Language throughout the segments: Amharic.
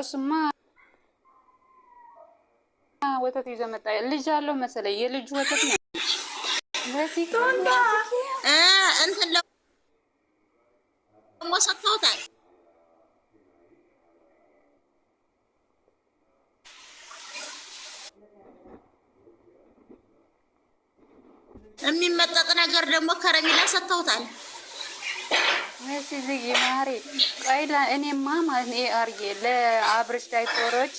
እሱማ ወተት ይዞ መጣ። ልጅ አለው መሰለኝ። የልጁ ወተት ነው። እንትን ደግሞ ሰጥተውታል። የሚመጠጥ ነገር ደግሞ ከረሜላ ሰጥተውታል። እኔማ ማለት ነው አርጌ ለአብርሽ ዳይፖሮች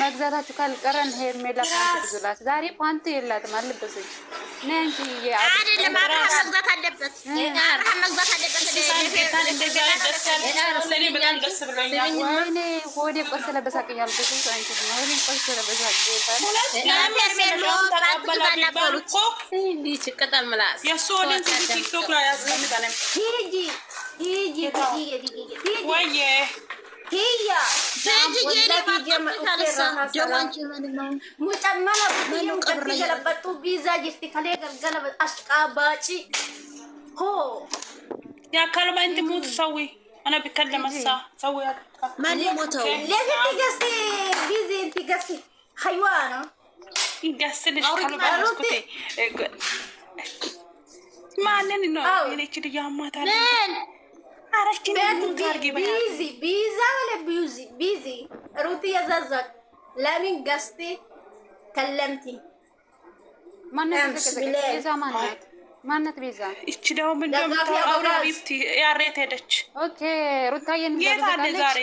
መግዛታችሁ ካልቀረን ሄርሜላ ፓንት ዛሬ ፓንት የላትም አልለበሰች። ነንጂ አይደለም አብርሃም መግዛት አለበት። አብርሃም መግዛት ሆዴ ማንን ነው? ችል እያማታል ምን ቢዛ ቢዚ ቢዚ ሩቲ የዛዛት ለምን ገስቴ ከለምቲ ማነት ቤዛ እቺ ደግሞ ምንደምታውራ ቢብቲ ያሬት ሄደች። ኦኬ ሩታዬን ዛሬ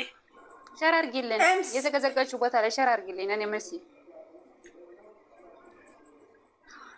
ሸር አርጊልን፣ የተዘጋችው ቦታ ላይ ሸር አርጊልን እኔ መሲ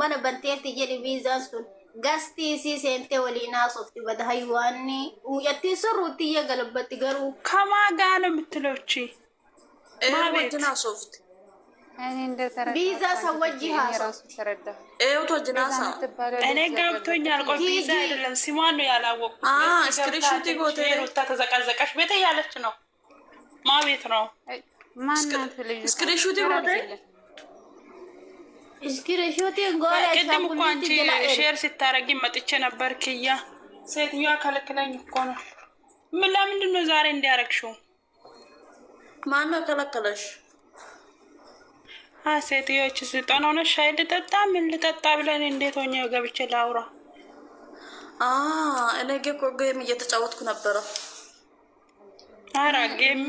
mana banteetti jedhi viizaan sun gastii isii seentee waliin haasofti badahayyu waan yattiin sorruutti iyya galabatti garuu kamaa gaa ነው የምትለው እቺ ማቤትን አሶፍት ቪዛ ሰው ወጅ ሀሶፍትጅናሳ እኔ ገብቶኛል። ቆይ ቪዛ አይደለም ሲሟን ነው ያላወቅኩት። ስክሪንሾት ጎቴታ ተዘቀዘቀች ቤተ ያለች ነው ማቤት ነው ስክሪንሾት ጎቴ ቅድም እኮ አንቺ ሼር ስታረጊ መጥቼ ነበር። ክያ ሴትዮዋ ከለከለኝ እኮ ነው። ምን ለምንድን ነው ዛሬ እንዲያረግሽው? ማነው ከለከለሽ? ሴትዮች ስልጠና ሆነ ሻይ ልጠጣ ምን ልጠጣ ብለን እንዴት ሆኜ ገብቼ ላውራ። እኔ ጌም እየተጫወትኩ ነበረ። አራ ጌሚ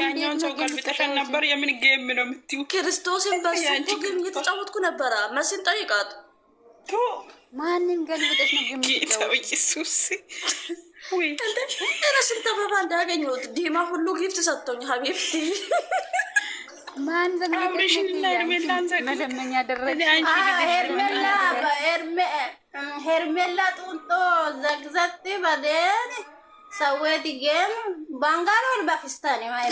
ያኛውን ሰው ገልብጠሻል ነበር። የምን ጌም ነው የምትይው? ክርስቶስን በስንቱ ጌም እየተጫወትኩ ነበረ። መሲን ጠይቃት። ማንን ገልብጠሽ ነው ጌም ኢየሱስ እረ ስንት አበባ ዲማ ሁሉ ጊፍት ሰጥቶኝ ሀቢብቲ ማን ሄርሜላ ጡንጦ ዘግዘጥ በደን सवयत game Bengal और पाकिस्तान है माय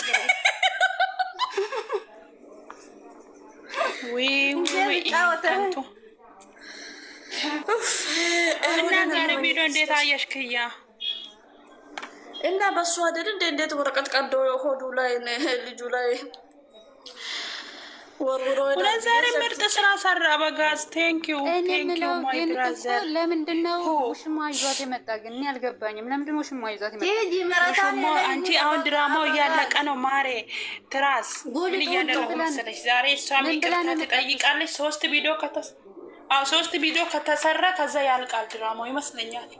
እና በሱ አይደል እንዴት ወረቀት ቀዶ ሆዱ ላይ ልጁ ላይ ለዛሬ ምርጥ ስራ ሰራ። በጋዝ ቴንኪው ቴንኪው ማይ ብራዘር። ለምንድን ነው ውሽማ ይዟት የመጣ ግን እኔ አልገባኝም። ለምንድን ነው ውሽማ ይዟት የመጣ? አንቺ አሁን ድራማው እያለቀ ነው ማሬ። ትራስ ምን እያደረጉ መሰለሽ? ዛሬ እሷ ይቅርታ ትጠይቃለች። ሶስት ቪዲዮ ከተሰራ ከዛ ያልቃል ድራማው ይመስለኛል።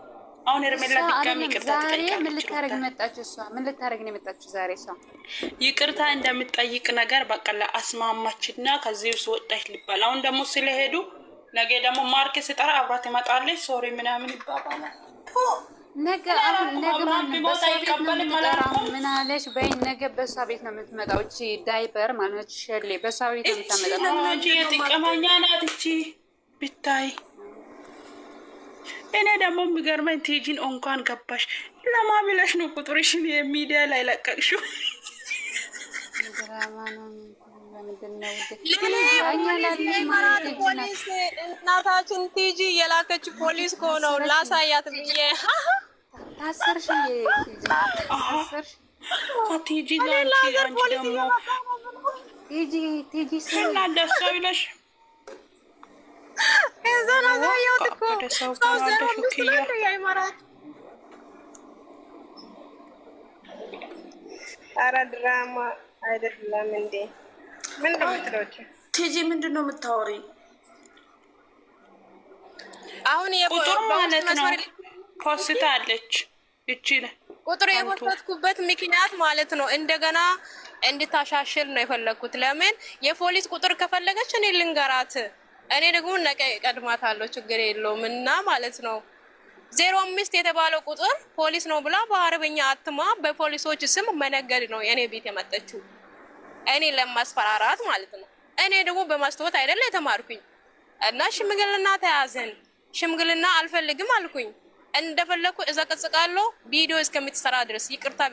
አሁን እርምላ ድጋሚ ይቅርታ ትጠይቃለች። ምን ልታረግ መጣችሁ? እሷ ምን ልታረግ ነው የመጣችሁ ዛሬ? እሷ ይቅርታ እንደምትጠይቅ ነገር በቀላ አስማማችና ከዚህ ውስጥ ወጣች ልባል። አሁን ደግሞ ስለሄዱ ነገ ደግሞ ማርኬ ስጠራ አብራት ይመጣለች። ሶሪ ምናምን ይባባላል። ምን አለሽ በይ። ነገ በእሷ ቤት ነው የምትመጣው። እቺ ዳይበር ማለት ሸሌ በእሷ ቤት ነው የምታመጣው። እቺ የጥቅመኛ ናት እቺ ብታይ እኔ ደግሞ የሚገርመኝ ቴጂን እንኳን ገባሽ ለማ ብለሽ ነው ቁጥርሽን የሚዲያ ላይ ለቀቅሽው። እናታችን ቲጂ የላከች ፖሊስ ከሆነው ላሳያት ብዬ ቲጂ ቲጂ ቲጂ ኧረ ድራማ አይደለም እንዴ? ምንድን ነው ቲጂ፣ ምንድን ነው የምታወሪኝ? አሁን ቁጥሩ ማለት ነው ፖስታ አለች እቺ ቁጥሩ የፖስትኩበት ምክንያት ማለት ነው እንደገና እንድታሻሽል ነው የፈለግኩት። ለምን የፖሊስ ቁጥር ከፈለገች እኔ ልንገራት እኔ ደግሞ ነገ ቀድማታለሁ ችግር የለውም እና ማለት ነው ዜሮ አምስት የተባለው ቁጥር ፖሊስ ነው ብላ በአረበኛ አትማ በፖሊሶች ስም መነገድ ነው የእኔ ቤት የመጠችው እኔ ለማስፈራራት ማለት ነው። እኔ ደግሞ በማስተወት አይደለ የተማርኩኝ እና ሽምግልና ተያዘን። ሽምግልና አልፈልግም አልኩኝ። እንደፈለግኩ እዘቀጽቃለሁ ቪዲዮ እስከምትሰራ ድረስ ይቅርታ